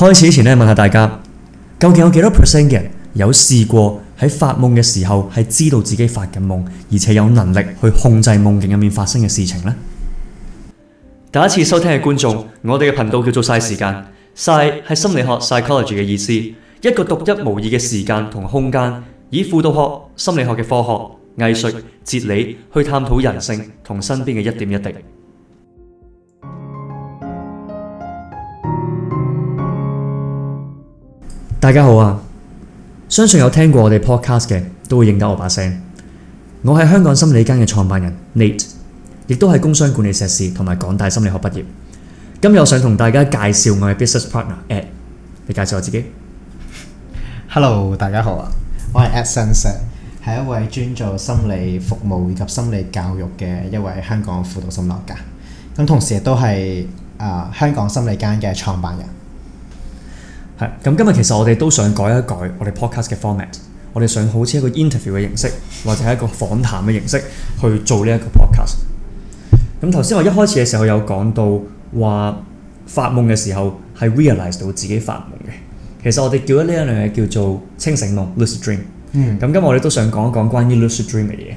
開始前咧，問下大家，究竟有幾多 percent 嘅人有試過喺發夢嘅時候係知道自己發緊夢，而且有能力去控制夢境入面發生嘅事情呢？第一次收聽嘅觀眾，我哋嘅頻道叫做 PSY 時間，PSY 係心理學 psychology 嘅意思，一個獨一無二嘅時間同空間，以輔導學、心理學嘅科學、藝術、哲理去探討人性同身邊嘅一點一滴。大家好啊！相信有聽過我哋 podcast 嘅都會認得我把聲。我係香港心理間嘅創辦人 Nate，亦都係工商管理碩士同埋港大心理學畢業。今日我想同大家介紹我嘅 business partner Ed。你介紹我自己。Hello，大家好啊！我係 Ed Sense，係一位專做心理服務以及心理教育嘅一位香港輔導心理學家。咁同時亦都係啊香港心理間嘅創辦人。係，咁今日其實我哋都想改一改我哋 podcast 嘅 format，我哋想好似一個 interview 嘅形式，或者係一個訪談嘅形式去做呢一個 podcast。咁頭先我一開始嘅時候有講到話發夢嘅時候係 realize 到自己發夢嘅，其實我哋叫咗呢一樣嘢叫做清醒夢 （Lucid Dream）。嗯，咁今日我哋都想講一講關於 Lucid Dream 嘅嘢。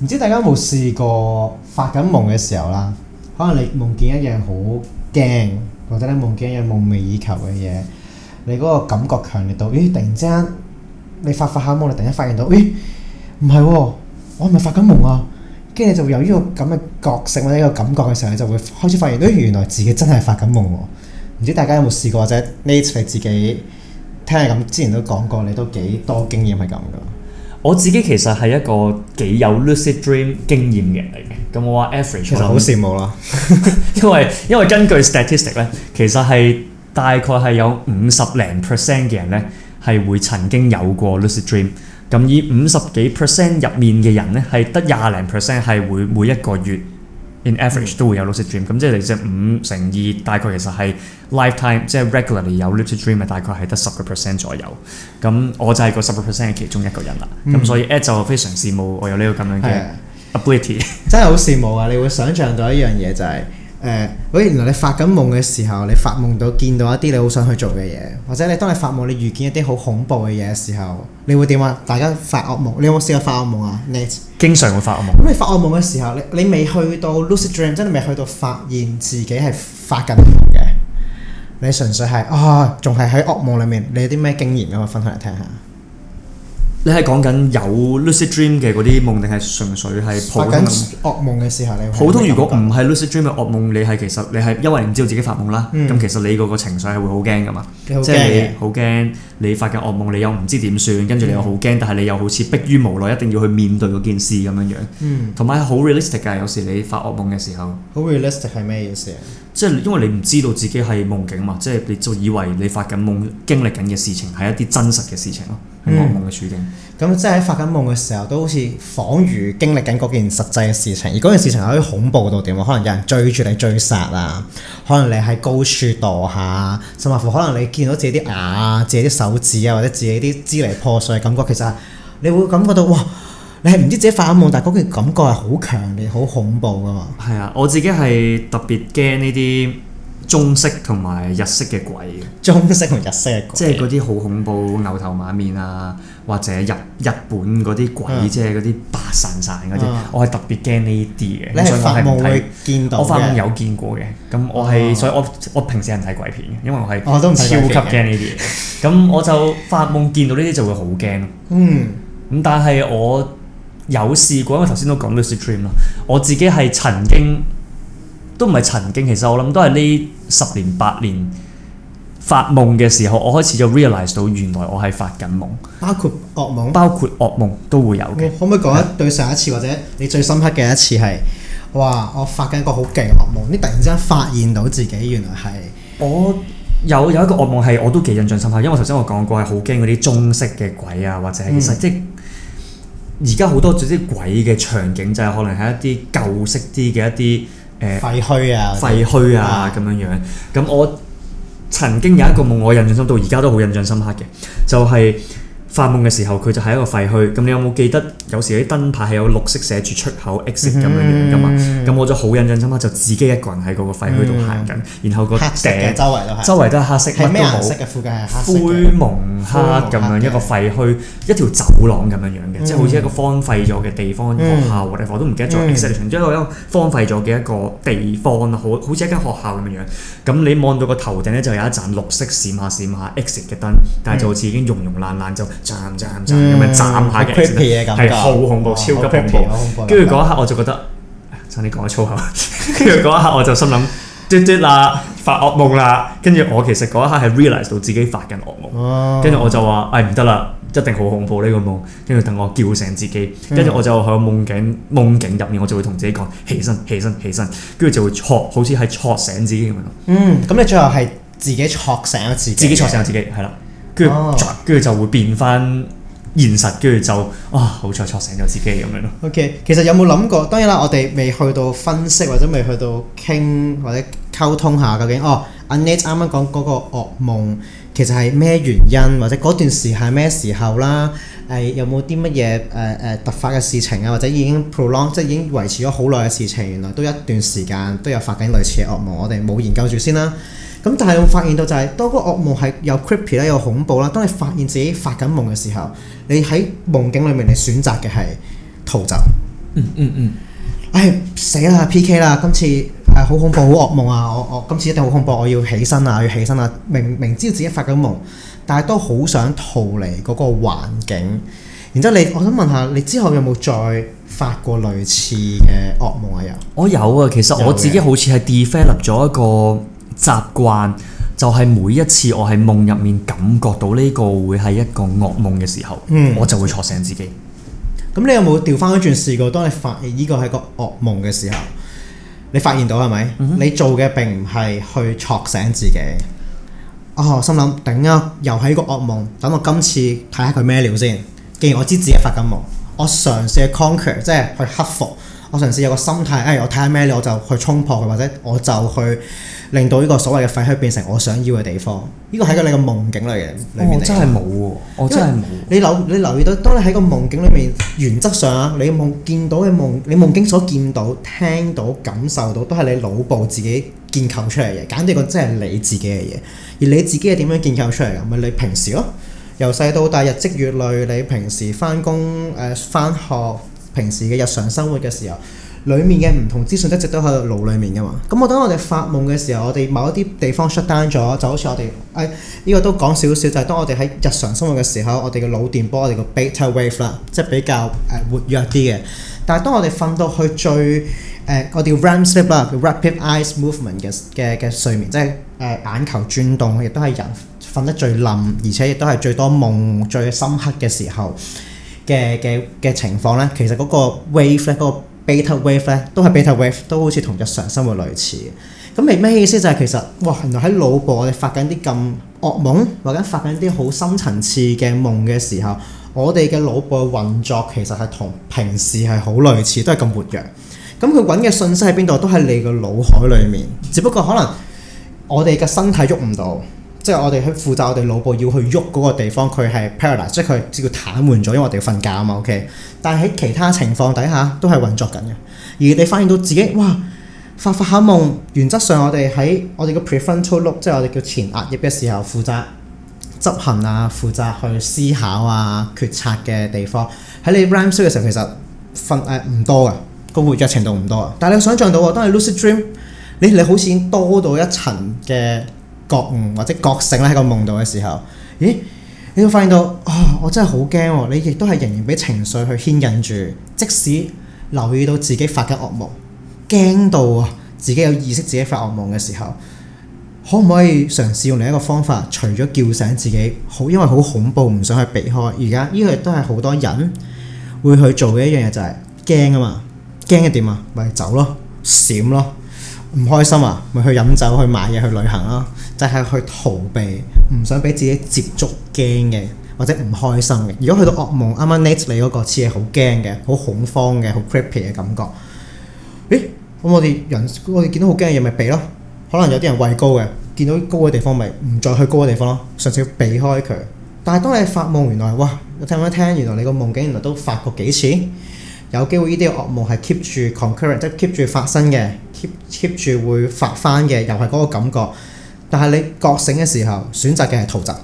嗯，唔知大家有冇試過發緊夢嘅時候啦？可能你夢見一樣好驚。覺得咧夢見有樣夢寐以求嘅嘢，你嗰個感覺強烈到，咦！突然之間你發發下夢，你突然間發現到，咦？唔係喎，我係咪發緊夢啊？跟住你就會有呢個咁嘅覺性，或者一個感覺嘅時候，你就會開始發現到原來自己真係發緊夢喎，啊。唔知大家有冇試過或者呢次你自己聽下咁，之前都講過，你都幾多經驗係咁噶。我自己其實係一個幾有 Lucid Dream 經驗嘅人嚟嘅，咁我話 average 其實好羨慕啦， 因為因為根據 statistic 咧，其實係大概係有五十零 percent 嘅人咧係會曾經有過 Lucid Dream，咁以五十幾 percent 入面嘅人咧係得廿零 percent 係會每一個月，In average 都會有 lucid dream，咁即係你即係五成二大概其實係 lifetime 即係 regularly 有 lucid dream 係大概係得十個 percent 左右，咁我就係嗰十個 percent 嘅其中一個人啦。咁所以 Ed 就非常羨慕我有呢個咁樣嘅 ability，真係好羨慕啊！你會想像到一樣嘢就係。誒，喂、呃，原來你發緊夢嘅時候，你發夢到見到一啲你好想去做嘅嘢，或者你當你發夢你遇見一啲好恐怖嘅嘢嘅時候，你會點啊？大家發噩夢，你有冇試過發噩夢啊？你經常會發噩夢。咁你發噩夢嘅時候，你你未去到 lucid dream，真係未去到發現自己係發緊夢嘅，你純粹係啊，仲係喺噩夢裏面。你有啲咩經驗，咁我分享嚟聽下。你係講緊有 Lucid Dream 嘅嗰啲夢，定係純粹係普通夢惡夢嘅時候你？你普通如果唔係 Lucid Dream 嘅噩夢你，你係其實你係因為唔知道自己發夢啦。咁、嗯、其實你個個情緒係會好驚噶嘛，嗯、即係你好驚。嗯、你發緊噩夢，你又唔知點算，跟住你，你又好驚，但係你又好似逼於無奈一定要去面對嗰件事咁樣樣。同埋好、嗯、realistic 㗎，有時你發噩夢嘅時候，好 realistic 係咩意思啊？即係因為你唔知道自己係夢境嘛，即、就、係、是、你就以為你發緊夢、經歷緊嘅事情係一啲真實嘅事情咯。嘅處境，咁、嗯、即係喺發緊夢嘅時候，都好似恍如經歷緊嗰件實際嘅事情，而嗰件事情係可以恐怖到點？可能有人追住你追殺啊，可能你喺高處墮下，甚至乎可能你見到自己啲牙啊、自己啲手指啊，或者自己啲支離破碎嘅感覺，其實你會感覺到哇，你係唔知自己發緊夢，嗯、但係嗰件感覺係好強烈、好恐怖㗎嘛。係啊，我自己係特別驚呢啲。中式同埋日式嘅鬼，中式同日式嘅，鬼，即係嗰啲好恐怖牛頭馬面啊，或者日日本嗰啲鬼，即係嗰啲白散散嗰啲，嗯、我係特別驚呢啲嘅。你係發夢會見到嘅？我，我發夢有見過嘅。咁、啊、我係，所以我我平時人睇鬼片嘅，因為我係超級驚呢啲嘢。咁、哦、 我就發夢見到呢啲就會好驚咯。嗯，咁但係我有試過，因為頭先都講到 Lucid Dream 咯。我自己係曾經都唔係曾經，其實我諗都係呢。十年八年發夢嘅時候，我開始就 realize 到原來我係發緊夢，包括惡夢，包括惡夢都會有嘅。可唔可以講一嗎對上一次或者你最深刻嘅一次係？哇！我發緊一個好勁嘅惡夢，你突然之間發現到自己原來係。我有有一個惡夢係我都幾印象深刻，因為頭先我講過係好驚嗰啲中式嘅鬼啊，或者係、嗯、其實即係而家好多最啲鬼嘅場景就係可能係一啲舊式啲嘅一啲。誒、呃、廢墟啊，廢墟啊咁樣樣，咁、啊、我曾經有一個夢，我、嗯、印象深刻到而家都好印象深刻嘅，就係、是。發夢嘅時候，佢就係一個廢墟。咁你有冇記得有時啲燈牌係有綠色寫住出口 exit 咁樣樣㗎嘛？咁我就好印象深刻，就自己一個人喺嗰個廢墟度行緊，然後個頂周圍都係黑色，乜都冇。灰蒙黑咁樣一個廢墟，一條走廊咁樣樣嘅，即係好似一個荒廢咗嘅地方，學校或者我都唔記得咗。exhibition 即係一個荒廢咗嘅一個地方，好似一間學校咁樣樣。咁你望到個頭頂咧，就有一盞綠色閃下閃下 exit 嘅燈，但係就好似已經融融爛爛就～斬斬斬咁樣斬下嘅，係好恐怖，超級恐怖。跟住嗰一刻我就覺得，差啲講粗口。跟住嗰一刻我就心諗，嘟嘟啦，發惡夢啦。跟住我其實嗰一刻係 realize 到自己發緊惡夢。哦。跟住我就話，唉，唔得啦，一定好恐怖呢個夢。跟住等我叫醒自己。跟住我就喺夢境夢境入面，我就會同自己講，起身，起身，起身。跟住就會挫，好似係挫醒自己咁樣。嗯，咁你最後係自己挫醒咗自己？自己挫醒自己，係啦。跟住，oh. 就會變翻現實，跟住就啊，哦、好彩錯醒咗自己咁樣咯。O、okay, K，其實有冇諗過？當然啦，我哋未去到分析或者未去到傾或者溝通下究竟哦。阿 Annette 啱啱講嗰個噩夢，其實係咩原因？或者嗰段時係咩時候啦？誒、呃，有冇啲乜嘢誒誒突發嘅事情啊？或者已經 prolong 即係已經維持咗好耐嘅事情，原來都一段時間都有發緊類似嘅噩夢。我哋冇研究住先啦。咁但係我發現到就係、是、多個噩夢係有 creepy 啦，有恐怖啦。當你發現自己發緊夢嘅時候，你喺夢境裏面，你選擇嘅係逃走。嗯嗯嗯。唉、哎，死啦！P. K. 啦，今次誒好、呃、恐怖，好噩夢啊！我我今次一定好恐怖，我要起身啊！我要起身啊！明明知道自己發緊夢，但係都好想逃離嗰個環境。然之後你，你我想問下，你之後有冇再發過類似嘅噩夢啊？有，我有啊。其實我自己好似係 develop 咗一個。習慣就係、是、每一次我喺夢入面感覺到呢個會係一個噩夢嘅時候，嗯、我就會戳醒自己。咁你有冇調翻一轉試過？當你發現呢個係個噩夢嘅時候，你發現到係咪？嗯、哼你做嘅並唔係去戳醒自己。哦、oh，心諗頂啊，又係一個噩夢，等我今次睇下佢咩料先。既然我知自己發緊夢，我嘗試去 conquer，即係去克服。我嘗試有個心態，哎，我睇下咩料，我就去衝破佢，或者我就去。令到呢個所謂嘅廢墟變成我想要嘅地方，呢個係個你嘅夢境嚟嘅、哦。我真係冇喎，我真係冇。你留你留意到，當你喺個夢境裏面，原則上啊，你夢見到嘅夢，你夢境所見到、聽到、感受到，都係你腦部自己建構出嚟嘅，簡直個真係你自己嘅嘢。而你自己係點樣建構出嚟嘅？咪、就是、你平時咯，由細到大日積月累，你平時返工誒、返學、平時嘅日常生活嘅時候。裡面嘅唔同資訊一直都喺個腦裡面㗎嘛。咁我當我哋發夢嘅時候，我哋某一啲地方 shutdown 咗，就好似我哋誒呢個都講少少，就係、是、當我哋喺日常生活嘅時候，我哋嘅腦電波我哋嘅 beta wave 啦，即係比較誒活躍啲嘅。但係當我哋瞓到去最誒、呃、我哋叫 REM sleep 啦，佢 rapid eyes movement 嘅嘅嘅睡眠，即係誒、呃、眼球轉動，亦都係人瞓得最冧，而且亦都係最多夢最深刻嘅時候嘅嘅嘅情況咧。其實嗰個 wave 咧、那、嗰、個 Beta wave 咧都係 Beta wave，都，wave，都好似同日常生活類似嘅。咁係咩意思，就係？就係其實，哇！原來喺腦部我哋發緊啲咁惡夢，或者發緊啲好深層次嘅夢嘅時候，我哋嘅腦部嘅運作其實係同平時係好類似，都係咁活躍。咁佢揾嘅信息喺邊度？都喺你個腦海裡面。只不過可能我哋嘅身體喐唔到。即係我哋去負責我哋腦部要去喐嗰個地方，佢係 paralysis，即係佢叫癱瘓咗，因為我哋要瞓覺啊嘛，O K。Okay? 但係喺其他情況底下都係運作緊嘅。而你發現到自己哇發發下夢，原則上我哋喺我哋個 prefrontal lobe，即係我哋叫前壓抑嘅時候負責執行啊，負責去思考啊、決策嘅地方。喺你 REM sleep 嘅時候，其實瞓誒唔多嘅，個活躍程度唔多嘅。但係你想象到啊，當你 Lucid Dream，你你好似已經多到一層嘅。覺悟或者覺醒咧喺個夢度嘅時候，咦？你會發現到啊、哦，我真係好驚。你亦都係仍然俾情緒去牽引住，即使留意到自己發緊惡夢，驚到啊，自己有意識自己發惡夢嘅時候，可唔可以嘗試用另一個方法？除咗叫醒自己，好因為好恐怖，唔想去避開。而家呢個亦都係好多人會去做嘅一樣嘢、啊，就係驚啊嘛！驚一點啊，咪走咯，閃咯，唔開心啊，咪去飲酒、去買嘢、去旅行啦～就係去逃避，唔想俾自己接觸驚嘅或者唔開心嘅。如果去到惡夢，啱啱 Nate，你嗰個似係好驚嘅，好恐慌嘅，好 creepy 嘅感覺。誒，咁、嗯、我哋人我哋見到好驚嘅嘢咪避咯。可能有啲人畏高嘅，見到高嘅地方咪唔再去高嘅地方咯，直接避開佢。但係當你發夢，原來哇，你聽唔聽聽，原來你個夢境原來都發過幾次。有機會呢啲惡夢係 keep 住 concurrent，即係 keep 住發生嘅，keep keep 住會發返嘅，又係嗰個感覺。但係你覺醒嘅時候，選擇嘅係逃走。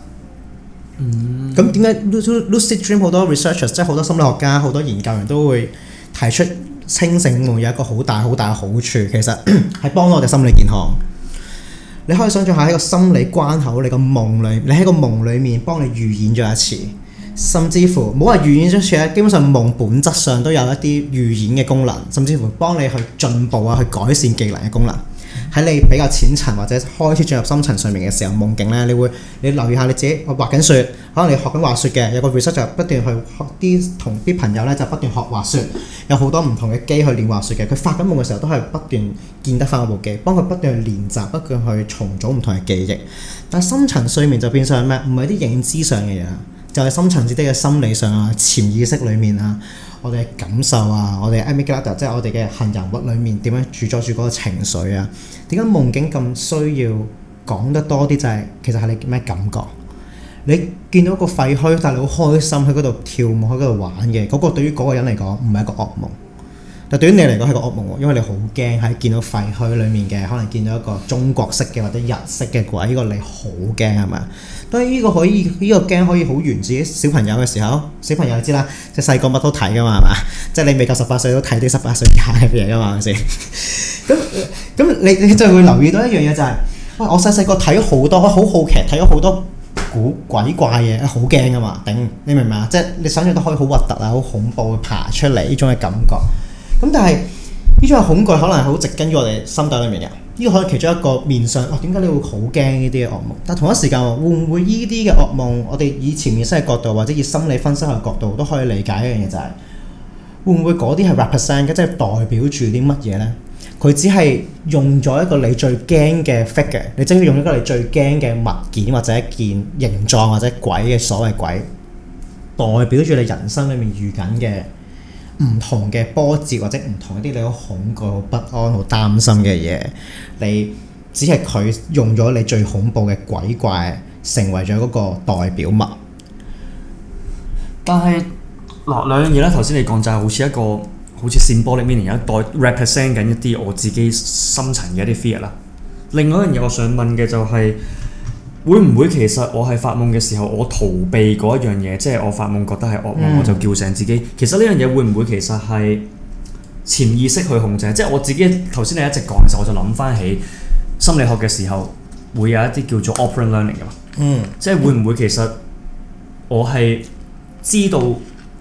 咁點解 Lucid Dream 好多 researchers，即係好多心理學家、好多研究人都會提出清醒夢有一個好大、好大嘅好處，其實係幫到我哋心理健康。你可以想象下喺個心理關口，你個夢裏，你喺個夢裏面幫你預演咗一次，甚至乎冇話預演咗一次咧，基本上夢本質上都有一啲預演嘅功能，甚至乎幫你去進步啊，去改善技能嘅功能。喺你比較淺層或者開始進入深層睡眠嘅時候，夢境咧，你會你留意下你自己，我畫緊雪，可能你學緊滑雪嘅，有個 research 就不斷去學啲同啲朋友咧就不斷學滑雪，有好多唔同嘅機去練滑雪嘅。佢發緊夢嘅時候都係不斷見得翻嗰部機，幫佢不斷去練習，不斷去重組唔同嘅記憶。但深層睡眠就變相咩？唔係啲認知上嘅嘢，就係、是、深層次啲嘅心理上啊、潛意識裡面啊。我哋嘅感受啊，我哋 amygdala，即係我哋嘅杏仁核裏面點樣捕捉住嗰個情緒啊？點解夢境咁需要講得多啲、就是？就係其實係你咩感覺？你見到個廢墟，但係你好開心，喺嗰度跳舞，喺嗰度玩嘅，嗰、那個對於嗰個人嚟講唔係一個噩夢。但對於你嚟講係個噩夢喎，因為你好驚喺見到廢墟裡面嘅，可能見到一個中國式嘅或者日式嘅鬼，呢、這個你好驚係咪？對，依個可以，呢、呢個驚可以好源自啲小朋友嘅時候，小朋友知啦，即係細個乜都睇噶嘛，係嘛？即係你未夠十八歲都睇啲十八歲嘅嘢噶嘛，係咪先？咁 咁，你你就會留意到一樣嘢就係、是，哇！我細細個睇好多，好好奇睇咗好多古鬼怪嘢，好驚噶嘛，頂！你明唔明啊？即係你想象都可以好核突啊，好恐怖嘅爬出嚟呢種嘅感覺。咁但係呢種嘅恐懼可能係好植根於我哋心底裡面嘅。呢個可能其中一個面相，哇、啊！點解你會好驚呢啲嘅惡夢？但同一時間喎，會唔會呢啲嘅惡夢，我哋以前面識嘅角度，或者以心理分析嘅角度，都可以理解一樣嘢就係、是，會唔會嗰啲係 represent 嘅，即係代表住啲乜嘢呢？佢只係用咗一個你最驚嘅 figure，你正用咗一個你最驚嘅物件或者一件形狀或者鬼嘅所謂鬼，代表住你人生裏面遇緊嘅。唔同嘅波折或者唔同一啲你好恐懼、好不安、好擔心嘅嘢，你只係佢用咗你最恐怖嘅鬼怪，成為咗嗰個代表物。但係，嗱，兩樣嘢啦，頭先你講就係好似一個好似扇玻璃面，有一代 represent 緊一啲我自己深層嘅一啲 fear 啦。另外一樣嘢，我想問嘅就係、是。會唔會其實我係發夢嘅時候，我逃避嗰一樣嘢，即係我發夢覺得係噩夢，嗯、我就叫醒自己。其實呢樣嘢會唔會其實係潛意識去控制？即係我自己頭先你一直講嘅時候，我就諗翻起心理學嘅時候會有一啲叫做 operant learning 噶嘛。嗯，即係會唔會其實我係知道？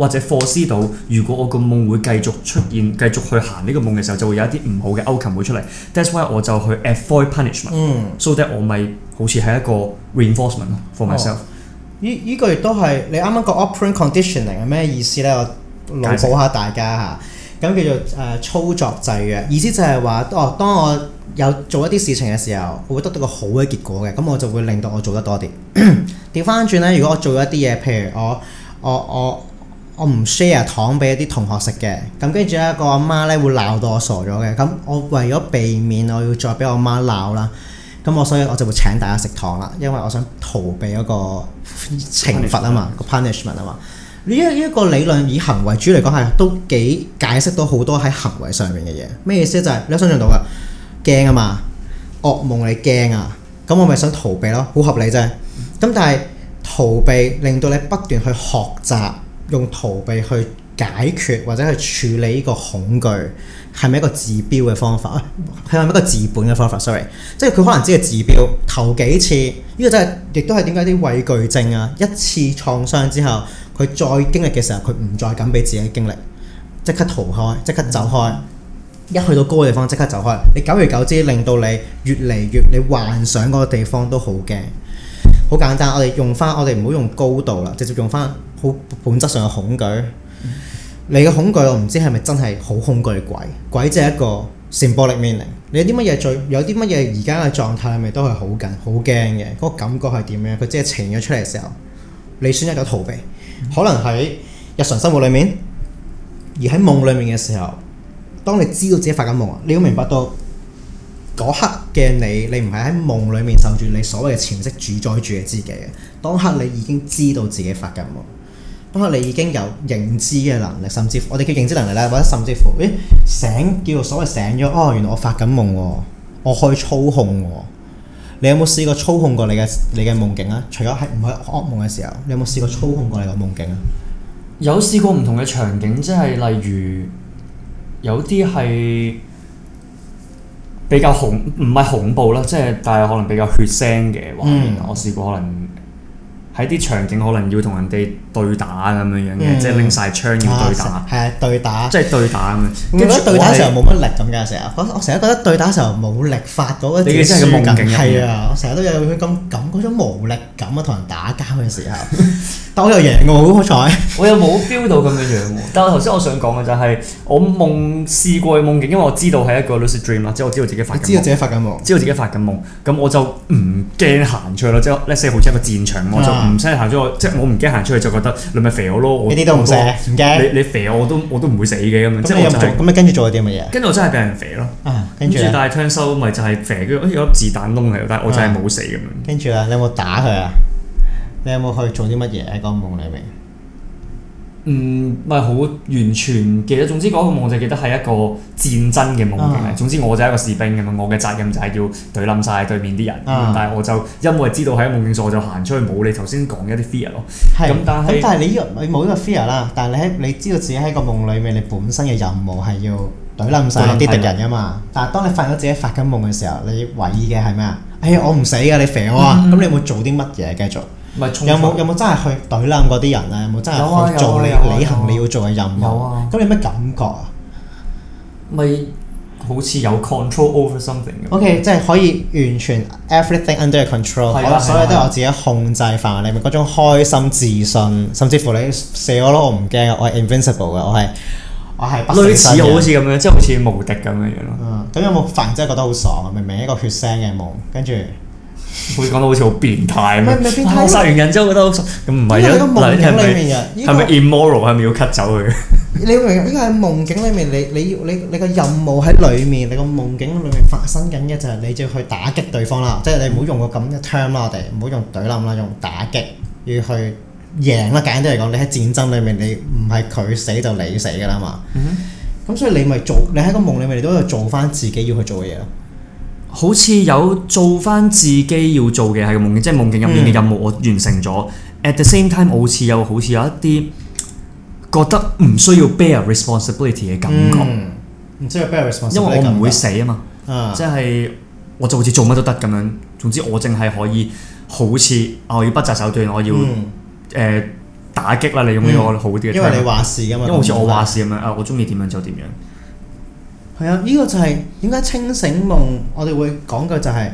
或者駁師到，如果我個夢會繼續出現，繼續去行呢個夢嘅時候，就會有一啲唔好嘅 o c 勾琴會出嚟。That's why 我就去 avoid punishment，so、嗯、that 我咪好似係一個 reinforcement for myself。呢依句都係你啱啱講 operating conditioning 係咩意思呢？我補下大家吓。咁釋叫做誒操作制嘅意思就係話，哦，當我有做一啲事情嘅時候，我會得到個好嘅結果嘅，咁我就會令到我做得多啲。調翻轉呢，如果我做一啲嘢，譬如我我我。我我我唔 share 糖俾一啲同學食嘅，咁跟住咧，個阿媽咧會鬧到我傻咗嘅。咁我為咗避免我要再俾我媽鬧啦，咁我所以我就會請大家食糖啦，因為我想逃避嗰個懲罰啊嘛，Punishment，個 punishment 啊嘛。呢一個理論以行為主嚟講係都幾解釋到好多喺行為上面嘅嘢。咩意思咧、就是？就係你都想像到嘅，驚啊嘛，惡夢你驚啊，咁我咪想逃避咯，好合理啫。咁但係逃避令到你不斷去學習。用逃避去解決或者去處理呢個恐懼，係咪一個治標嘅方法？係咪一個治本嘅方法？Sorry，即係佢可能只係治標。頭幾次呢、呢個真係，亦都係點解啲畏懼症啊，一次創傷之後，佢再經歷嘅時候，佢唔再敢俾自己經歷，即刻逃開，即刻走開。一去到高嘅地方，即刻走開。你久而久之，令到你越嚟越你幻想嗰個地方都好驚。好簡單，我哋用翻，我哋唔好用高度啦，直接用翻好本質上嘅恐懼。嗯、你嘅恐懼，我唔知係咪真係好恐懼鬼？鬼即係一個 symbolic meaning。你有啲乜嘢最？有啲乜嘢而家嘅狀態，係咪都係好緊、好驚嘅。嗰、嗯、個感覺係點樣？佢即係呈咗出嚟嘅時候，你選擇咗逃避。嗯、可能喺日常生活裏面，而喺夢裏面嘅時候，嗯、當你知道自己發緊夢，你都明白到、嗯。嗰刻嘅你，你唔係喺夢裏面受住你所謂嘅潛意識主宰住嘅自己。當刻你已經知道自己發緊夢，當刻你已經有認知嘅能力，甚至乎我哋嘅認知能力咧，或者甚至乎，誒醒叫做所謂醒咗，哦，原來我發緊夢，我可以操控嘅啊。你有冇試過操控過你嘅你嘅夢境啊？除咗係唔係噩夢嘅時候，你有冇試過操控過你個夢境啊？有試過唔同嘅場景，即係例如有啲係。比較恐唔係恐怖啦，即係但係可能比較血腥嘅畫面。嗯、我試過可能。喺啲場景可能要同人哋對打咁樣樣嘅，即係拎晒槍要對打，係啊，對打，即係對打咁樣。我覺得對打時候冇乜力咁嘅成日，我成日覺得對打時候冇力發嗰個字語境，係啊，我成日都有佢咁感嗰種無力感啊，同人打交嘅時候。但我又贏我好彩，我又冇 feel 到咁嘅樣。但係頭先我想講嘅就係我夢試過夢境，因為我知道係一個 Lucid Dream 啦，即係我知道自己發緊，知夢，知道自己發緊夢，咁我就唔驚行出去咯，即係 let's say 出一個戰場唔使行咗，我即係我唔驚行出去就覺得你咪肥我咯。我呢啲都唔驚，你你肥我我都怕我,我都唔會死嘅咁樣。咁你,、即係我、你跟住做咗啲乜嘢？跟住我,我真係俾人肥咯。跟住大槍手咪就係肥，跟住好似有粒子彈窿嚟，但係我真係冇死咁樣。跟住啊，你有冇打佢啊？你有冇去做啲乜嘢喺個夢入面？唔係好完全記得。總之嗰個夢就記得係一個戰爭嘅夢境。啊、總之我就係一個士兵咁樣，我嘅責任就係要隊冧晒對面啲人。啊、但係我就因為知道係一個夢境，我就行出去冇你頭先講一啲 fear 咯。但係但係你依個呢個你冇呢個 fear 啦，但係你喺你知道自己喺個夢裏面，你本身嘅任務係要隊冧晒啲敵人吖嘛。的但係當你發咗自己發緊夢嘅時候，你懷疑嘅係咩啊？嗯、哎呀，我唔死啊！你肥我啊！咁、嗯嗯、你會做啲乜嘢繼續？有冇，有冇真係去懟冧嗰啲人，有有啊？有冇真係去做你履行你要做嘅任務？有啊。咁你有咩感覺啊？咪好似有 control over something。O.K. 即係可以完全 everything under control、嗯啊啊、所有都係我自己控制範圍。你咪嗰種開心自信，甚至乎你死我都我唔驚我係 invincible 嘅，我係我係類似好似咁樣，即係好似無敵咁嘅樣咯。咁、嗯、有冇反真係覺得好爽啊？明明一個血腥嘅夢，跟住。會講到好似好變態，我殺完人之後覺得咁唔係啦。呢個喺個夢境裏面嘅，係咪 immoral？係咪要 cut 走佢？你會明？應該喺夢境裏面，你你要你你個任務喺裏面，你個夢境裏面發生緊嘅就係你就要去打擊對方啦。即係你唔好用個咁嘅 term 啦，我哋唔好用懟冧啦，用打擊要去贏啦。簡單啲嚟講，你喺戰爭裏面，你唔係佢死就你死噶啦嘛。咁所以你咪做，你喺個夢裏面，你都要做翻自己要去做嘅嘢。好似有做翻自己要做嘅喺個夢境，即、就、係、是、夢境入面嘅任務我完成咗。At the same time，我好似有好似有一啲覺得唔需要 bear responsibility 嘅感覺，唔需要 bear responsibility。因為我唔會死啊嘛，即係、嗯、我就好似做乜都得咁樣。總之我淨係可以好似我要不擇手段，我要誒、嗯呃、打擊啦你咁樣，我好啲。因為你話事噶嘛，因為，因為好似我話事咁樣啊，嗯、我中意點樣就點樣。係啊！呢個就係點解清醒夢，我哋會講嘅就係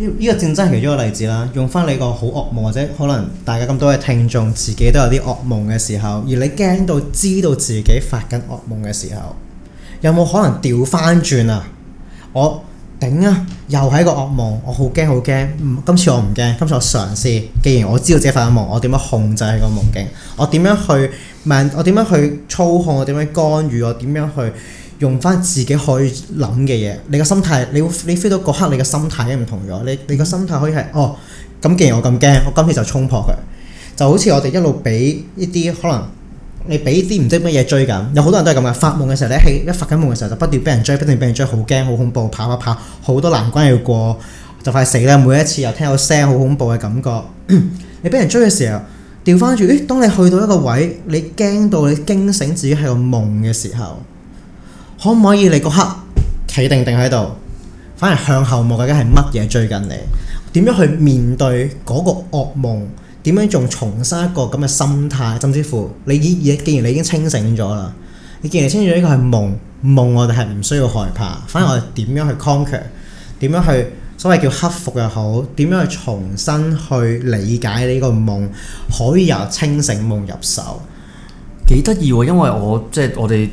呢呢個戰爭其中一個例子啦。用翻你個好噩夢，或者可能大家咁多嘅聽眾自己都有啲噩夢嘅時候，而你驚到知道自己發緊噩夢嘅時候，有冇可能調翻轉啊？我頂啊！又係一個噩夢，我好驚好驚。今次我唔驚，今次我嘗試。既然我知道自己發緊夢，我點樣控制個夢境？我點樣去問？我點樣去操控？我點樣干預？我點樣去？用翻自己可以諗嘅嘢，你個心態，你會你 feel 到嗰刻，你嘅心態都唔同咗。你你個心態可以係哦咁，既然我咁驚，我今次就衝破佢。就好似我哋一路俾呢啲可能你俾啲唔知乜嘢追緊，有好多人都係咁嘅發夢嘅時候，咧喺一,一發緊夢嘅時候，就不斷俾人追，不斷俾人追，好驚好恐怖，跑一跑，好多難關要過，就快死啦！每一次又聽到聲，好恐怖嘅感覺。 你俾人追嘅時候，調翻轉，當你去到一個位，你驚到你驚醒自己喺個夢嘅時候。可唔可以個？你嗰刻企定定喺度，反而向後望究竟係乜嘢追緊你？點樣去面對嗰個噩夢？點樣仲重生一個咁嘅心態？甚至乎你已既然你已經清醒咗啦，你既然清醒咗呢個係夢，夢我哋係唔需要害怕。反而我哋點樣去 conquer 點樣去所謂叫克服又好？點樣去重新去理解呢個夢？可以由清醒夢入手，幾得意喎！因為我即係、就是、我哋。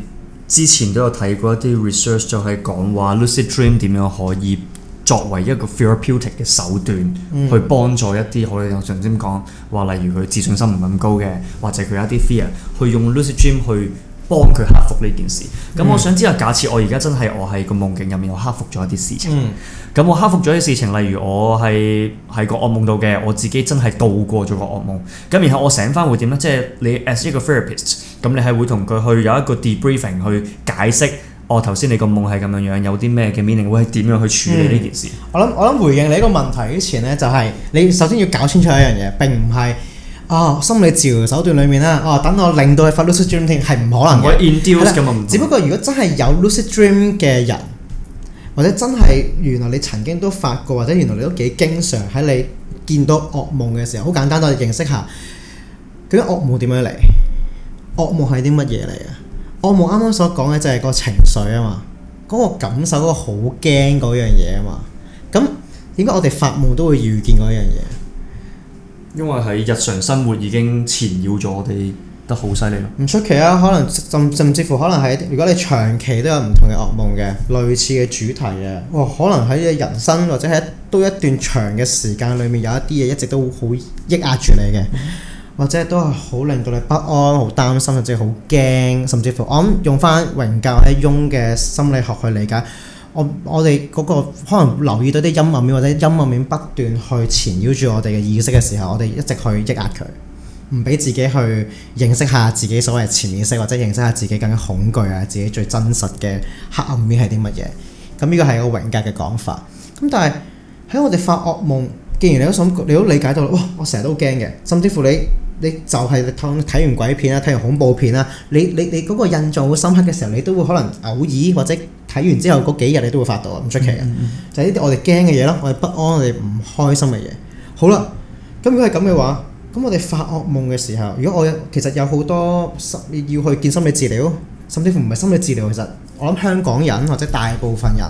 之前都有睇過一啲 research 就係講話 Lucid Dream 點樣可以作為一個 therapeutic 嘅手段，嗯、去幫助一啲我哋頭先講話，例如佢自信心唔咁高嘅，或者佢有一啲 fear，去用 Lucid Dream 去。幫佢克服呢件事。咁我想知下，假設我而家真係我喺個夢境入面，嗯、我克服咗一啲事情。咁我克服咗啲事情，例如我係喺個惡夢度嘅，我自己真係度過咗個惡夢。咁然後我醒翻會點呢？即係你 as 一個 therapist，咁你係會同佢去有一個 debriefing 去解釋，我頭先你個夢係咁樣樣，有啲咩嘅 meaning，會係點樣去處理呢件事？嗯、我諗我諗回應你呢個問題之前呢、就係，就係你首先要搞清楚一樣嘢，並唔係。哦，心理治療手段裡面啦，哦，等我令到你發 Lucid Dream 係唔可能嘅，唔可以 induce，係咪？只不過如果真係有 Lucid Dream 嘅人，或者真係原來你曾經都發過，或者原來你都幾經常喺你見到惡夢嘅時候，好簡單，我哋認識下，究竟惡夢點樣嚟？惡夢係啲乜嘢嚟啊？惡夢啱啱所講嘅就係個情緒啊嘛，嗰個感受，嗰個好驚嗰樣嘢啊嘛，咁點解我哋發夢都會遇見嗰樣嘢？因為喺日常生活已經纏繞咗我哋得好犀利啦。唔出奇啊，可能甚甚至乎可能係如果你長期都有唔同嘅噩夢嘅類似嘅主題啊，哦，可能喺你人生或者喺都一段長嘅時間裡面，有一啲嘢一直都好抑壓住你嘅，或者都係好令到你不安、好擔心，甚至好驚，甚至乎我諗用翻榮格喺翁嘅心理學去理解。我我哋嗰、那個可能留意到啲陰暗面或者陰暗面不斷去纏繞住我哋嘅意識嘅時候，我哋一直去抑壓佢，唔俾自己去認識下自己所謂潛意識或者認識下自己更加恐懼啊，自己最真實嘅黑暗面係啲乜嘢？咁呢個係一個榮格嘅講法。咁但係喺我哋發惡夢，既然你都想，你都理解到哇、哦！我成日都驚嘅，甚至乎你你就係當睇完鬼片啊、睇完恐怖片啊，你你你嗰個印象好深刻嘅時候，你都會可能偶爾或者。睇完之後嗰幾日你都會發到啊，唔出奇啊！就係呢啲我哋驚嘅嘢咯，我哋不安、我哋唔開心嘅嘢。好啦，咁如果係咁嘅話，咁我哋發惡夢嘅時候，如果我其實有好多心要去見心理治療，甚至乎唔係心理治療，其實我諗香港人或者大部分人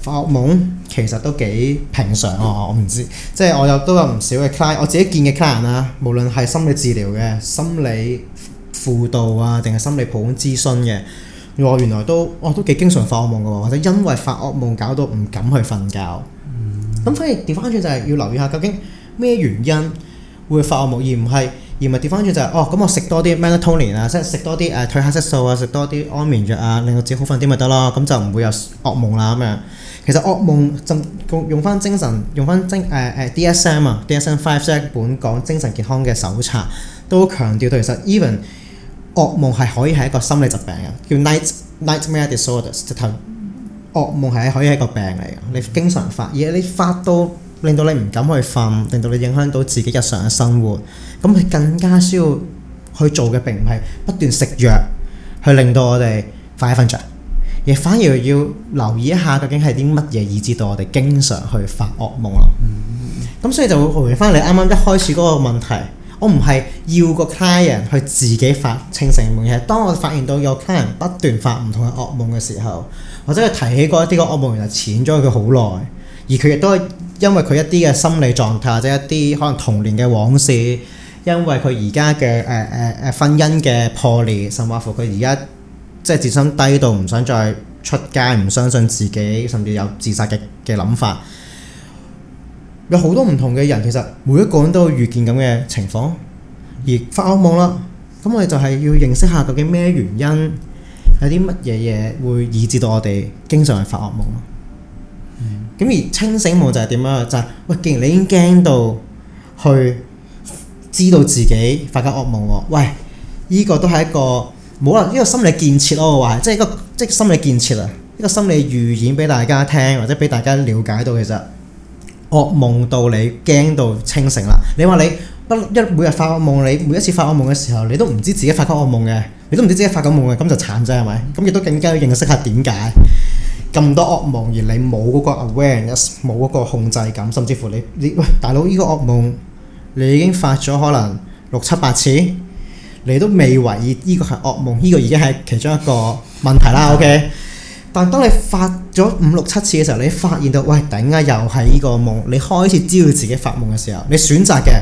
發惡夢其實都幾平常啊！我唔知，即係我有都有唔少嘅 client，我自己見嘅 client 啊，無論係心理治療嘅、心理輔導啊，定係心理普通諮詢嘅。原來都，我、哦、都幾經常發惡夢嘅喎，或者因為發惡夢搞到唔敢去瞓覺。咁所以調翻轉就係要留意下究竟咩原因會發惡夢，而唔係而唔係調翻轉就係、是、哦，咁我食多啲 melatonin 啊，即係食多啲誒褪黑色素啊，食多啲安眠藥啊，令我自己好瞓啲咪得咯，咁、嗯、就唔會有惡夢啦咁樣。其實惡夢就用用翻精神，用翻精誒誒、呃呃、DSM 啊，DSM Five 即係本講精神健康嘅手冊，都強調到其實 even 噩夢係可以係一個心理疾病嘅，叫 night nightmare disorders，即噩夢係可以係一個病嚟嘅，你經常發，而你發到令到你唔敢去瞓，令到你影響到自己日常嘅生活，咁你更加需要去做嘅並唔係不斷食藥去令到我哋快啲瞓着，而反而要留意一下究竟係啲乜嘢，以致到我哋經常去發噩夢咯。咁、嗯、所以就會回翻你啱啱一開始嗰個問題。我唔係要個客人去自己發清醒夢，係當我發現到有客人不斷發唔同嘅噩夢嘅時候，或者佢提起過一啲嘅噩夢，原來纏咗佢好耐，而佢亦都因為佢一啲嘅心理狀態或者一啲可能童年嘅往事，因為佢而家嘅誒誒誒婚姻嘅破裂，甚或乎佢而家即係自尊低到唔想再出街，唔相信自己，甚至有自殺嘅嘅諗法。有好多唔同嘅人，其實每一個人都會遇見咁嘅情況，而發惡夢啦。咁我哋就係要認識下究竟咩原因，有啲乜嘢嘢會以致到我哋經常係發惡夢咯。咁、嗯、而清醒夢就係點樣？就係、是、喂，既然你已經驚到去知道自己發緊惡夢喎，喂，呢、呢個都係一個冇啦，呢、呢個心理建設咯，我話，即、就、係、是、一個即係、就是就是、心理建設啊，一個心理預演俾大家聽，或者俾大家了解到其實。噩夢到你驚到清醒啦！你話你不一每日發噩夢，你每一次發噩夢嘅時候，你都唔知自己發緊噩夢嘅，你都唔知自己發緊夢嘅，咁就慘啫係咪？咁亦都更加要認識下點解咁多噩夢，而你冇嗰個 awareness，冇嗰個控制感，甚至乎你你，喂，大佬，呢個噩夢你已經發咗可能六七八次，你都未懷疑呢個係噩夢，呢個已經係其中一個問題啦。OK。但係當你發咗五六七次嘅時候，你發現到，喂頂啊！又係呢個夢，你開始知道自己發夢嘅時候，你選擇嘅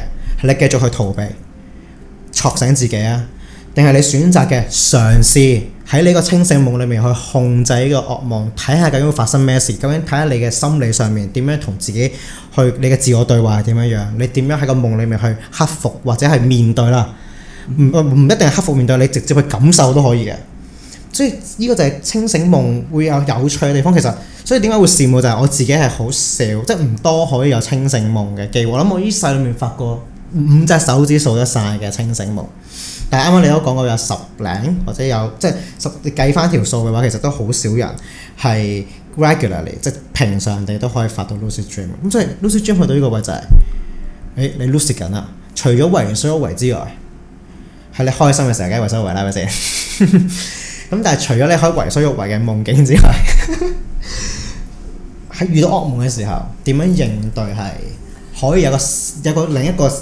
係你繼續去逃避，錯醒自己啊，定係你選擇嘅嘗試喺呢個清醒夢裡面去控制呢個惡夢，睇下究竟會發生咩事，究竟睇下你嘅心理上面點樣同自己去，你嘅自我對話係點樣樣，你點樣喺個夢裡面去克服或者係面對啦？唔唔唔一定係克服面對，你直接去感受都可以嘅。所以呢個就係清醒夢會有有趣嘅地方。其實所以點解會羨慕就係、是、我自己係好少，即係唔多可以有清醒夢嘅機會。我諗我呢世裏面發過五隻手指數得晒嘅清醒夢。但係啱啱你都講過有十零或者有即係、就是、十，你計翻條數嘅話，其實都好少人係 regularly，即係平常人哋都可以發到 Lucid Dream。咁所以 Lucid Dream 去到呢個位就係，誒、嗯欸、你 Lucid 緊啦、嗯，除咗為所欲為之外，係你開心嘅時候梗係為所欲為啦，係咪先？ 咁但係除咗你可以為所欲為嘅夢境之外， 喺遇到惡夢嘅時候點樣應對係可以有個有個另一個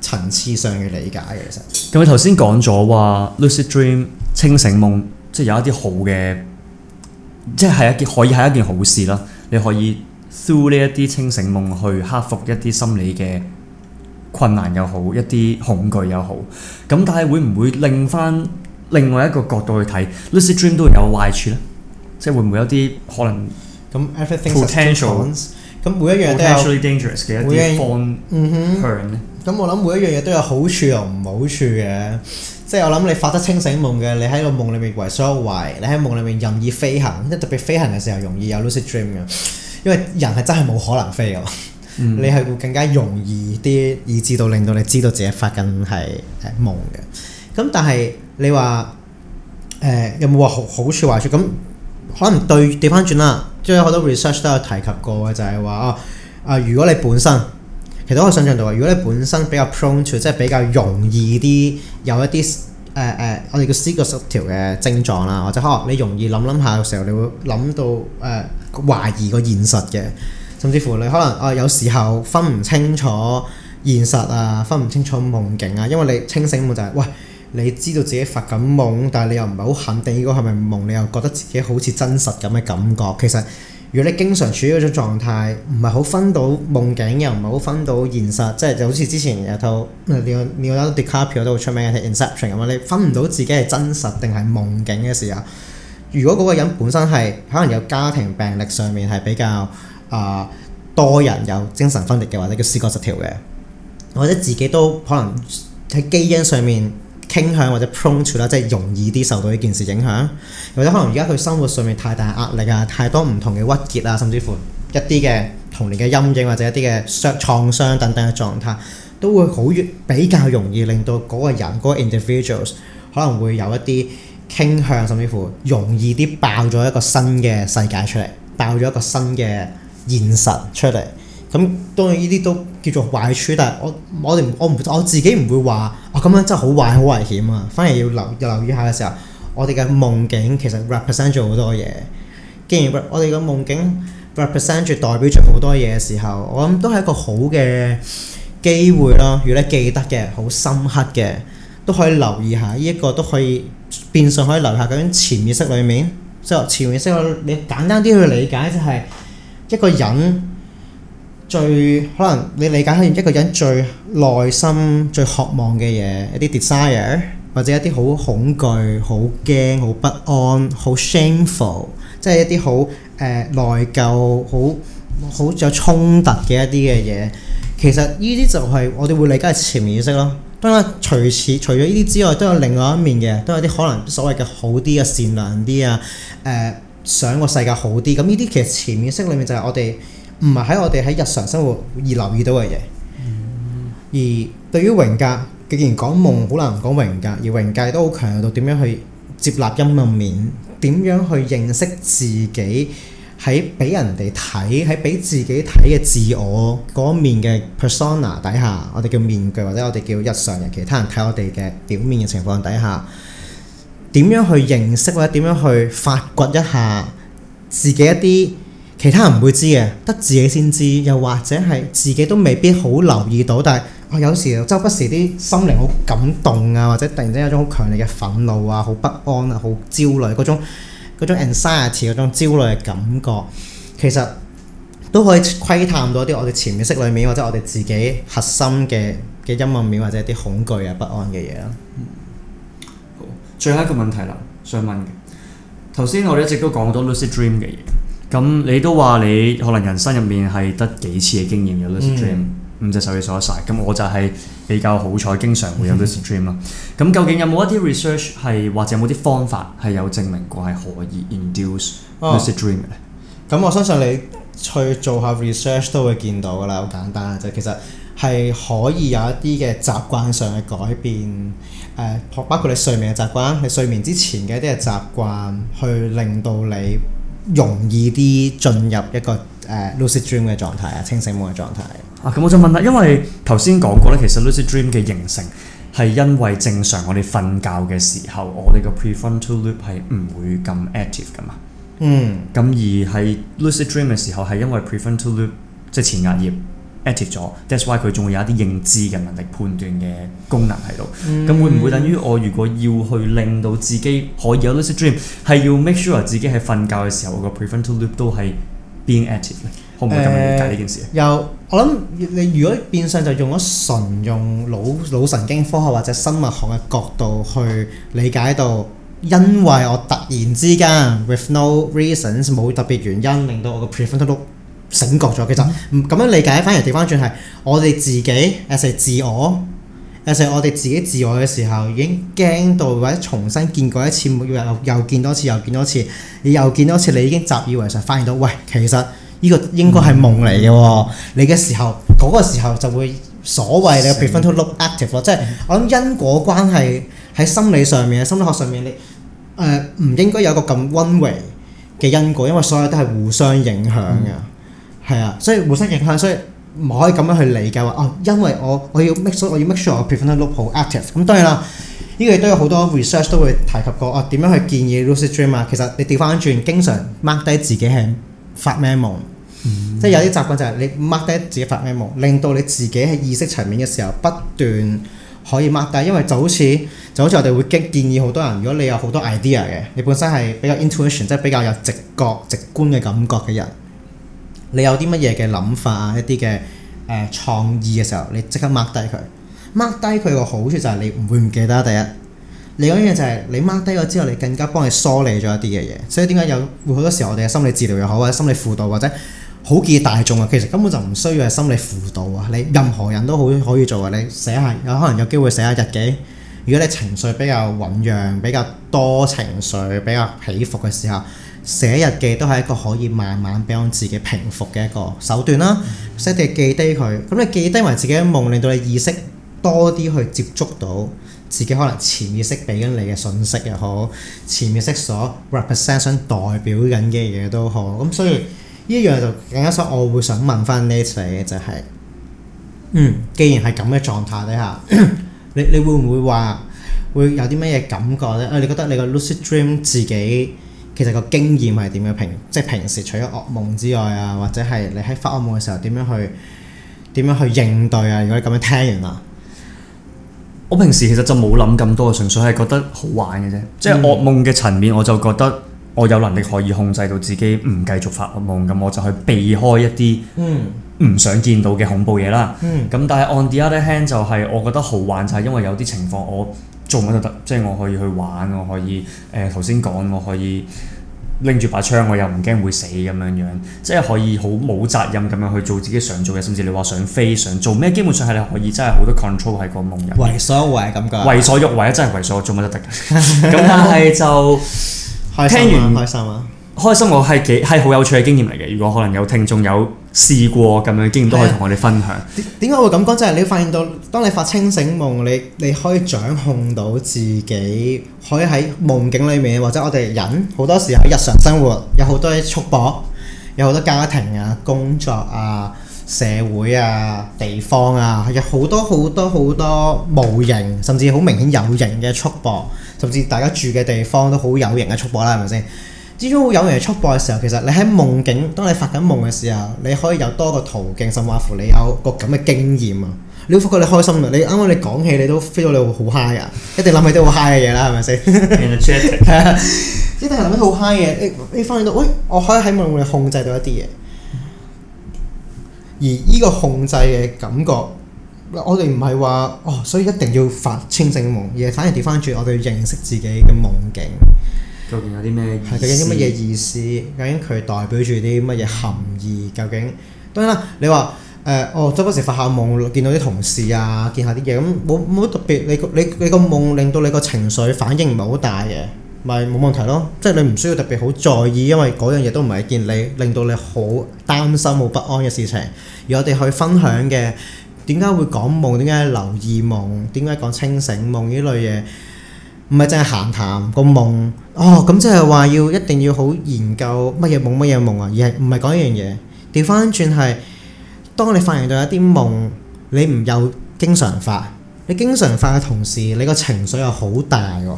層次上嘅理解嘅其實、嗯。咁你頭先講咗話 Lucid Dream 清醒夢，即係有一啲好嘅，即係一件可以係一件好事啦。你可以 through 呢一啲清醒夢去克服一啲心理嘅困難又好，一啲恐懼又好。咁但係會唔會令翻？另外一個角度去睇 Lucid Dream 都有壞處咧，即係會唔會有啲可能 everything potential 咁每一樣都有 potential dangerous 嘅一啲咁我諗每一樣嘢、嗯、都有好處又唔好處嘅，即係我諗你發得清醒夢嘅，你喺個夢裡面為所慾為，你喺夢裡面任意飛行，即特別飛行嘅時候容易有 Lucid Dream 嘅，因為人係真係冇可能飛嘅嘛。嗯、你係會更加容易啲，以致到令到你知道自己發緊係誒夢嘅。咁但係。你話誒有冇話好好處壞處咁？可能對調翻轉啦，即係好多 research 都有提及過嘅，就係話啊啊！如果你本身其實我想象到嘅，如果你本身比較 prone to 即係比較容易啲有一啲誒誒，我哋叫 psychological 嘅症狀啦，或者可能你容易諗諗下嘅時候，你會諗到誒懷疑個現實嘅，甚至乎你可能啊有時候分唔清楚現實啊，分唔清楚夢境啊，因為你清醒冇就係喂。你知道自己發緊夢，但係你又唔係好肯定依個係咪夢，你又覺得自己好似真實咁嘅感覺。其實，如果你經常處於嗰種狀態，唔係好分到夢境，又唔係好分到現實，即係就好似之前有套你我你我睇 r d 都好出名嘅《Inception》咁啊，你分唔到自己係真實定係夢境嘅時候，如果嗰個人本身係可能有家庭病歷上面係比較啊、呃、多人有精神分裂嘅，或者叫思覺失條嘅，或者自己都可能喺基因上面。傾向或者 prone to 啦，即係容易啲受到呢件事影響，或者可能而家佢生活上面太大壓力啊，太多唔同嘅鬱結啊，甚至乎一啲嘅童年嘅陰影或者一啲嘅創傷等等嘅狀態，都會好比較容易令到嗰個人嗰、嗰個 individuals 可能會有一啲傾向，甚至乎容易啲爆咗一個新嘅世界出嚟，爆咗一個新嘅現實出嚟。咁當然，呢啲都叫做壞處，但係我我哋我唔我自己唔會話啊。哦，咁樣真係好壞好危險啊！反而要留留意下嘅時候，我哋嘅夢境其實 represent 咗好多嘢。既然我哋嘅夢境 represent 住代表住好多嘢嘅時候，我諗都係一個好嘅機會咯。如果你記得嘅好深刻嘅，都可以留意下呢一個，都可以變相可以留下究竟潛意識裏面即係潛意識裏面。你簡單啲去理解，就係一個人。最可能你理解係一個人最內心最渴望嘅嘢，一啲 desire 或者一啲好恐懼、好驚、好不安、好 shameful，即係一啲好誒內疚、好好有衝突嘅一啲嘅嘢。其實呢啲就係我哋會理解係潛意識咯。當然，除此除咗呢啲之外，都有另外一面嘅，都有啲可能所謂嘅好啲啊、善良啲啊、誒、呃、想個世界好啲。咁呢啲其實潛意識裏面就係我哋。唔係喺我哋喺日常生活而留意到嘅嘢，而對於榮格，既然講夢好難唔講榮格，而榮格都好強調到點樣去接納陰暗面，點樣去認識自己喺俾人哋睇，喺俾自己睇嘅自我嗰面嘅 persona 底下，我哋叫面具或者我哋叫日常人其他人睇我哋嘅表面嘅情況底下，點樣去認識或者點樣去發掘一下自己一啲。其他人唔會知嘅，得自己先知。又或者係自己都未必好留意到。但係我有時候周不時啲心靈好感動啊，或者突然之間有種好強烈嘅憤怒啊、好不安啊、好焦慮嗰種嗰種 anxiety 嗰種焦慮嘅感覺，其實都可以窺探到啲我哋潛意識裏面或者我哋自己核心嘅嘅陰暗面或者一啲恐懼啊、不安嘅嘢咯。好，最後一個問題啦，想問嘅。頭先我哋一直都講到 Lucid Dream 嘅嘢。咁你都話你可能人生入面係得幾次嘅經驗有 Lucid Dream、嗯、五隻手已數得曬。咁我就係比較好彩，經常會有 Lucid Dream 啦。咁、嗯、究竟有冇一啲 research 係或者有冇啲方法係有證明過係可以 induce、哦、Lucid Dream 咧？咁我相信你去做下 research 都會見到㗎啦。好簡單就其實係可以有一啲嘅習慣上去改變，誒，包括你睡眠嘅習慣，你睡眠之前嘅一啲嘅習慣，去令到你，容易啲進入一個誒、uh, Lucid Dream 嘅狀態啊，清醒夢嘅狀態啊。咁我想問啦，因為頭先講過咧，其實 Lucid Dream 嘅形成係因為正常我哋瞓覺嘅時候，我哋個 prefrontal loop 係唔會咁 active 噶嘛。嗯。咁而係 Lucid Dream 嘅時候，係因為 prefrontal loop 即係前額葉。active 咗，that's why 佢仲會有一啲認知嘅能力、判斷嘅功能喺度。咁、嗯、會唔會等於我如果要去令到自己可以有 lucid dream，係要 make sure 自己喺瞓覺嘅時候，我個 prefrontal loop 都係 being active 咧？可唔可以咁樣理解呢件事又、呃、我諗你如果變相就用咗純用腦腦神經科學或者生物學嘅角度去理解到，因為我突然之間 with no reasons 冇特別原因令到我個 prefrontal loop。醒覺咗，其實咁樣理解反而調翻轉係我哋自己，成自我，成我哋自己自我嘅時候，已經驚到或者重新見過一次，要又又見多次，又見多次，你又見多次，你已經習以為常，發現到喂，其實呢個應該係夢嚟嘅喎。嗯、你嘅時候，嗰、那個時候就會所謂你嘅 prefrontal look active 咯、嗯，即係我諗因果關係喺心理上面啊，心理學上面，你誒唔應該有個咁溫為嘅因果，因為所有都係互相影響嘅。嗯。係啊，所以互相影響，所以唔可以咁樣去理解話哦，因為我我要 make sure，、so，我要 make sure 我 prefer to look 好 active、嗯。咁當然啦，呢個亦都有好多 research 都會提及過，哦點樣去建議 Lucid Dream 啊？其實你調翻轉，經常 mark 低自己係發咩夢，嗯、即係有啲習慣就係你 mark 低自己發咩夢，令到你自己喺意識層面嘅時候不斷可以 mark 低，因為就好似就好似我哋會激建議好多人，如果你有好多 idea 嘅，你本身係比較 intuition，即係比較有直覺、直觀嘅感覺嘅人。你有啲乜嘢嘅諗法啊，一啲嘅誒創意嘅時候，你即刻 mark 低佢。mark 低佢個好處就係你唔會唔記得第一。另一樣就係你 mark 低咗之後，你更加幫你梳理咗一啲嘅嘢。所以點解有好多時候我哋嘅心理治療又好或者心理輔導或者好見大眾啊，其實根本就唔需要係心理輔導啊。你任何人都好可以做啊。你寫下有可能有機會寫下日記。如果你情緒比較醞釀、比較多情緒、比較起伏嘅時候。寫日記都係一個可以慢慢俾我自己平復嘅一個手段啦，即係、嗯、記低佢。咁你記低埋自己嘅夢，令到你意識多啲去接觸到自己可能潛意識俾緊你嘅信息又好，潛意識所 represent 想代表緊嘅嘢都好。咁所以呢、嗯、樣就更加想我會想問翻 Lesley 嘅就係、是嗯，既然係咁嘅狀態底下， 你你會唔會話會有啲乜嘢感覺呢？你覺得你個 Lucid Dream 自己？其實個經驗係點樣平，即係平時除咗惡夢之外啊，或者係你喺發惡夢嘅時候點樣去點樣去應對啊？如果你咁樣聽人啊，我平時其實就冇諗咁多，純粹係覺得好玩嘅啫。即係惡夢嘅層面，我就覺得我有能力可以控制到自己唔繼續發惡夢，咁我就去避開一啲唔想見到嘅恐怖嘢啦。咁、嗯嗯、但係 on the other hand 就係我覺得好玩就係因為有啲情況我。做乜都得，即係我可以去玩，我可以誒頭先講，我可以拎住把槍，我又唔驚會死咁樣樣，即係可以好冇責任咁樣去做自己想做嘅，甚至你話想飛想做咩，基本上係你可以真係好多 control 喺個夢入邊。為所欲為咁噶。為所欲為啊，真係為所做乜都得。咁 但係就聽完唔開心啊！完開心，啊，開心我係幾係好有趣嘅經驗嚟嘅。如果可能有聽眾有。試過咁樣經驗都可以同我哋分享。點解會咁講？即係你發現到，當你發清醒夢，你你可以掌控到自己，可以喺夢境裏面，或者我哋人好多時候喺日常生活有好多束縛，有好多家庭啊、工作啊、社會啊、地方啊，有好多好多好多無形，甚至好明顯有形嘅束縛，甚至大家住嘅地方都好有形嘅束縛啦，係咪先？之中會有人出波嘅時候，其實你喺夢境，當你發緊夢嘅時候，你可以有多個途徑，甚至乎你有個咁嘅經驗啊！你會覺得你開心啊！你啱啱你講起，你都 feel 到你好嗨啊！一定諗起啲好嗨嘅嘢啦，係咪先？ 一定係諗起好嗨嘅，你你發現到，喂、哎，我可以喺夢裡控制到一啲嘢，而呢個控制嘅感覺，我哋唔係話哦，所以一定要發清醒嘅夢，而係反而調翻轉，我哋要認識自己嘅夢境。究竟有啲咩意思？究竟啲乜嘢意思？究竟佢代表住啲乜嘢含義？究竟，當然啦，你話誒，我、呃、哦，周不時發下夢，見到啲同事啊，見下啲嘢，咁冇冇特別？你個你你個夢令到你個情緒反應唔係好大嘅，咪冇問題咯。即係你唔需要特別好在意，因為嗰樣嘢都唔係一件你令到你好擔心好不安嘅事情。而我哋去分享嘅點解會講夢？點解留意夢？點解講清醒夢呢類嘢？唔係淨係閒談個夢哦，咁即係話要一定要好研究乜嘢夢乜嘢夢啊？而係唔係講一樣嘢？調翻轉係，當你發現到一啲夢你唔又經常發，你經常發嘅同時，你個情緒又好大喎，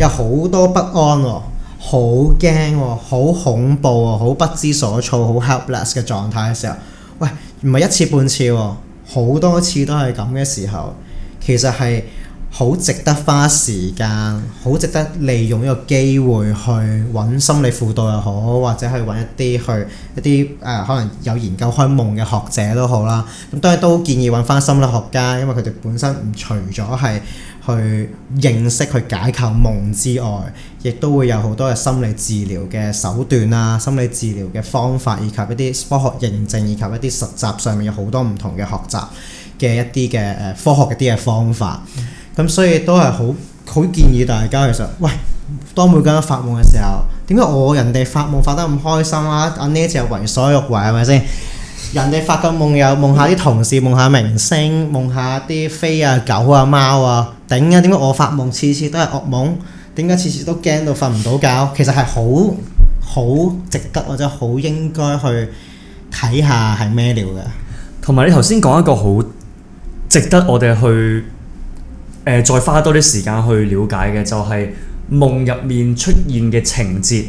有好多不安喎，好驚喎，好恐怖喎，好不知所措、好 helpless 嘅狀態嘅時候，喂，唔係一次半次喎，好多次都係咁嘅時候，其實係。好值得花時間，好值得利用呢個機會去揾心理輔導又好，或者去揾一啲去一啲誒、呃、可能有研究開夢嘅學者都好啦。咁當然都建議揾返心理學家，因為佢哋本身唔除咗係去認識去解構夢之外，亦都會有好多嘅心理治療嘅手段啊、心理治療嘅方法，以及一啲科學認證，以及一啲實習上面有好多唔同嘅學習嘅一啲嘅誒科學嘅啲嘅方法。咁所以都係好好建議大家其實喂，當每個人發夢嘅時候，點解我人哋發夢發得咁開心啊？啊呢一次係為所欲為，係咪先？人哋發個夢，又夢下啲同事，夢下明星，夢下啲飛啊狗啊貓啊，頂啊！點解我發夢次次都係噩夢？點解次次都驚到瞓唔到覺？其實係好好值得或者好應該去睇下係咩料嘅。同埋你頭先講一個好值得我哋去。誒，再花多啲時間去了解嘅，就係夢入面出現嘅情節，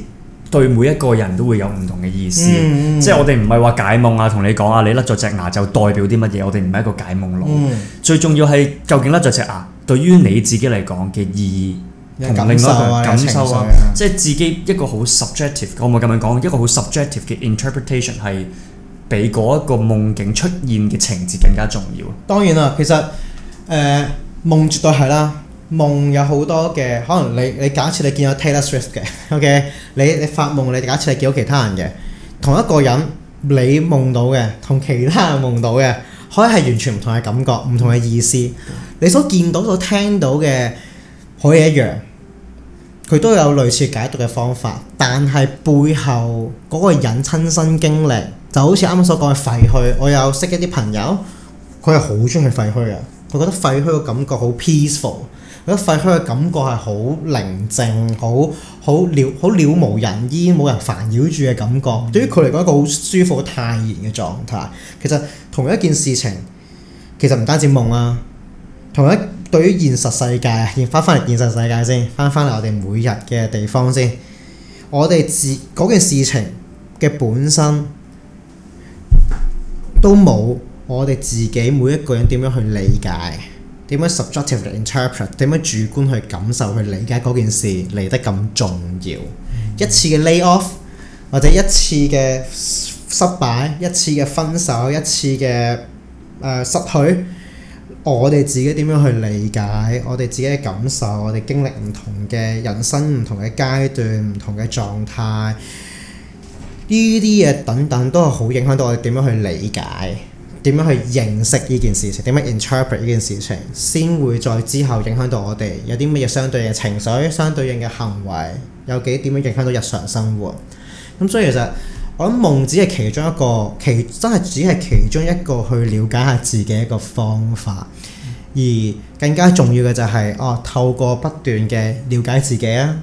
對每一個人都會有唔同嘅意思，嗯。即係我哋唔係話解夢啊，同你講啊，你甩咗隻牙就代表啲乜嘢？我哋唔係一個解夢佬。嗯、最重要係究竟甩咗隻牙對於你自己嚟講嘅意義，同另外一個感受即係自己一個好 subjective，我唔係咁樣講，一個好 subjective 嘅 interpretation 係比嗰一個夢境出現嘅情節更加重要。當然啦，其實誒。呃夢絕對係啦，夢有好多嘅，可能你你假設你見到 Taylor Swift 嘅，OK，你你發夢，你假設你見到其他人嘅，同一個人你夢到嘅同其他人夢到嘅，可以係完全唔同嘅感覺，唔同嘅意思，你所見到所聽到嘅可以一樣，佢都有類似解讀嘅方法，但係背後嗰個人親身經歷，就好似啱啱所講嘅廢墟，我有識一啲朋友，佢係好鍾意廢墟嘅。佢覺得廢墟嘅感覺好 peaceful，覺得廢墟嘅感覺係好寧靜，好好了，好了無人煙，冇人煩擾住嘅感覺。對於佢嚟講，一個好舒服、泰然嘅狀態。其實同一件事情，其實唔單止夢啊。同一對於現實世界，返返嚟現實世界先，返返嚟我哋每日嘅地方先。我哋自嗰件事情嘅本身都冇。我哋自己每一個人點樣去理解，點樣 subjective interpretation 點樣主觀去感受去理解嗰件事嚟得咁重要。嗯、一次嘅 lay off，或者一次嘅失敗，一次嘅分手，一次嘅失去，我哋自己點樣去理解？我哋自己嘅感受，我哋經歷唔同嘅人生、唔同嘅階段、唔同嘅狀態，呢啲嘢等等都係好影響到我哋點樣去理解。點樣去認識呢件事情？點樣 interpret 呢件事情？先會在之後影響到我哋有啲乜嘢相對嘅情緒、相對應嘅行為，有幾點樣影響到日常生活？咁所以其實我諗夢只係其中一個，其真係只係其中一個去了解下自己一個方法。而更加重要嘅就係哦，透過不斷嘅了解自己啊，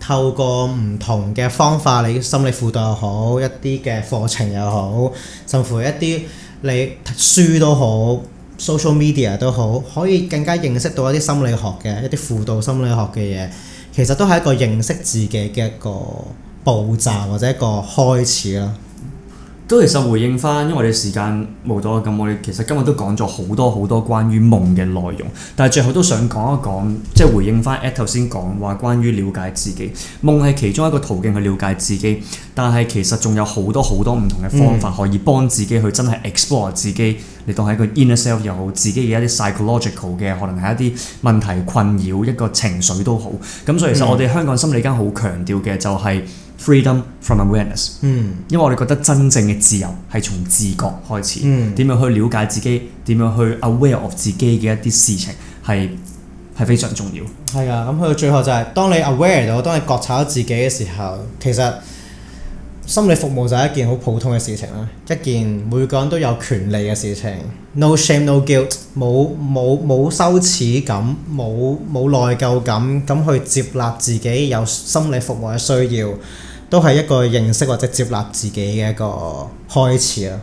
透過唔同嘅方法，你心理輔導又好，一啲嘅課程又好，甚至乎一啲。你書都好，social media 都好，可以更加認識到一啲心理學嘅一啲輔導心理學嘅嘢，其實都係一個認識自己嘅一個步驟或者一個開始啦。都其實回應翻，因為我哋時間冇多，咁我哋其實今日都講咗好多好多關於夢嘅內容，但係最後都想講一講，即係回應翻 At 頭先講話關於了解自己，夢係其中一個途徑去了解自己，但係其實仲有好多好多唔同嘅方法可以幫自己去真係 explore 自己。嗯、你當係一個 inner self 又好，自己嘅一啲 psychological 嘅，可能係一啲問題困擾，一個情緒都好。咁所以其實我哋香港心理界好強調嘅就係、是。嗯嗯 freedom from awareness，、嗯、因為我哋覺得真正嘅自由係從自覺開始，點、嗯、樣去了解自己，點樣去 aware of 自己嘅一啲事情係係非常重要。係啊，咁去到最後就係、是，當你 aware 到，當你覺察到自己嘅時候，其實心理服務就係一件好普通嘅事情啦，一件每個人都有權利嘅事情。No shame, no guilt，冇冇冇羞恥感，冇冇內疚感，咁去接納自己有心理服務嘅需要。都係一個認識或者接納自己嘅一個開始啊，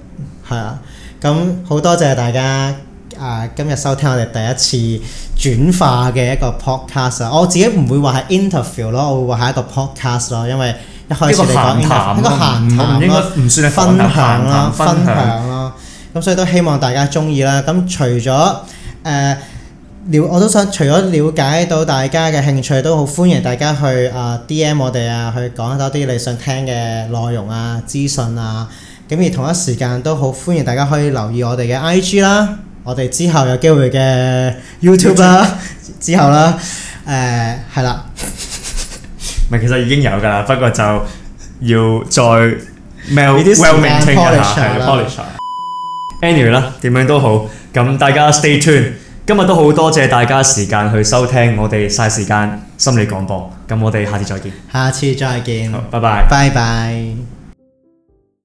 係啊，咁好多謝大家啊！今日收聽我哋第一次轉化嘅一個 podcast 啊，我自己唔會話係 interview 咯，我會話係一個 podcast 咯，因為一開始你講一個閒談咯享，分享咯，分享咯，咁所以都希望大家鍾意啦。咁除咗誒。呃我了，我都想除咗了解到大家嘅興趣，都好歡迎大家去啊 D M 我哋啊，去講多啲你想聽嘅內容啊、資訊啊。咁而同一時間都好歡迎大家可以留意我哋嘅 I G 啦，我哋之後有機會嘅 YouTube 啦， 之後啦，誒係啦。唔 其實已經有㗎啦，不過就要再 mail welcoming 聽一下，係 polish anyway 啦，點樣都好，咁大家 stay tuned。今日都好多謝大家時間去收聽我哋嘥時間心理廣播，咁我哋下次再見。下次再見。好，拜拜。拜拜。Bye bye